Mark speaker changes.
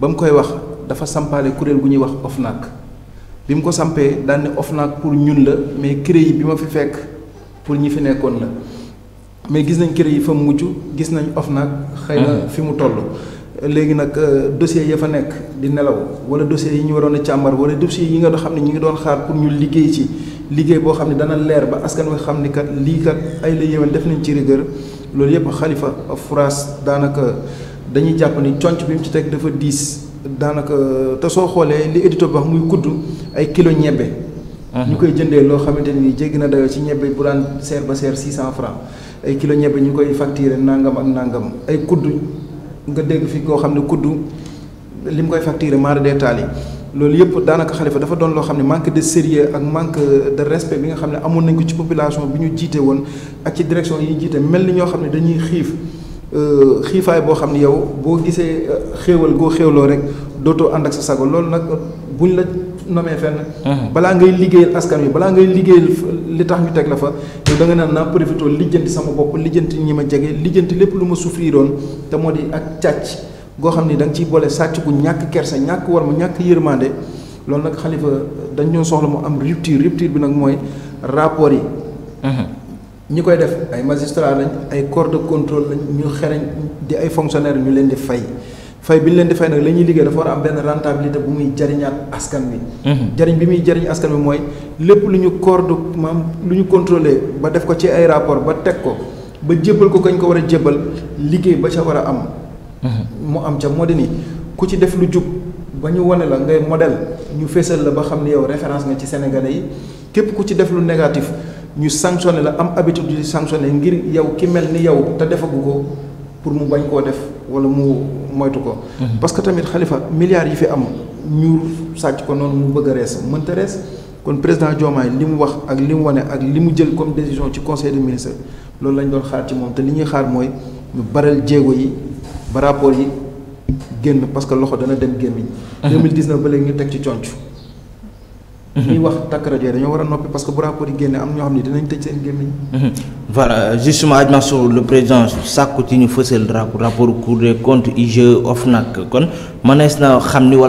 Speaker 1: ba mu koy wax dafa sampaale kuréel bu ñuy wax OFNAC bi mu ko sampee daan ne OFNAC pour ñun la mais CREI yi bi ma fi fekk pour ñi fi nekkoon la mais gis nañ CREI yi fa mu mujj gis nañ OFNAC xëy na fi mu toll. léegi nag euh, dossier ya fa nekk di nelaw wala dossier yi ñu waroon a càmbar wala dossier yi nga xam ne ñu ngi doon xaar pour ñu liggéey ci liggéey boo xam ne dana leer ba askan wi xam ni kat lii kat ay la yéwén def nañ ci rigueur loolu yëpp xalifa Furaas daanaka. dañuy jàpp ni conc bi mu ci teg dafa diis daanaka te soo xoolee li édito bi wax muy kudd ay kilo ñebbe ñu koy jëndee loo xamante ni jéggi na dayoo ci ñebbe bu daan seer ba seer six cent francs ay kilo ñu koy facturé nangam ak nangam ay kudd nga dégg fi koo xam ne kudd li mu koy facturé mara détail loolu yëpp daanaka xalifa dafa doon loo xam ne manque de sérieux ak manque de bi nga xam ne amoon nañ ko ci population bi ñu jiite woon ak ci direction yi ñu mel ni ñoo xam ne dañuy xiif Euh, xiifaay boo xam ne yow boo gisee euh, xéewal goo xéewloo rek dootoo ànd ak sa sago lool nag buñ la nomee fenn. Mhm. balaa ngay liggéeyal askan wi balaa ngay liggéeyal li tax ñu teg la fa yow da nga naan naa profité lijjanti sama bopp lijjanti ñi ma jege lijjanti lépp lu ma souffriroon te moo di ak càcc goo xam ne da nga ciy boole sàcc gu ñàkk kerse ñàkk war ma ñàkk yërmande loolu nag xalifa dañu ñoo soxla mu am rupture rupture bi nag mooy rapport yi. Mhm. nous koy def magistrats lañ ay corps de contrôle lañ ñu fonctionnaires ñu leen di fay fay bi leen di fay nag dafa am rentabilité bu muy jariñaat askan mhm. jariñ bi muy jariñ askan bi mooy lépp lu corps de maam lu ñu ba def ko ci ay rapport ba teg ko ba ko kañ ko war a ba ca war a am. Mhm. am ni ku modèle ñu fésal la ba xam yow référence nga ci Sénégalais yi képp ku ci négatif ñu sanctionné la am habitude ngir yow ki pour mu bañ koo def wala mu moytu ko. Mhm. parce que tamit milliards yi am ñu sàcc ko mu bëgg président wax ak ak jël comme décision ci conseil des ministres loolu lañ doon xaar ci xaar ñu baral rapport yi que loxo dana dem 2019 mhm. ñu Mhm. ñuy wax takk rajo dañoo war noppi parce que bu rapport am dinañ seen mhm. voilà justement le président sàkku ci ñu fësal rapport rapport Cour des comptes IGE OFNAC kon na xam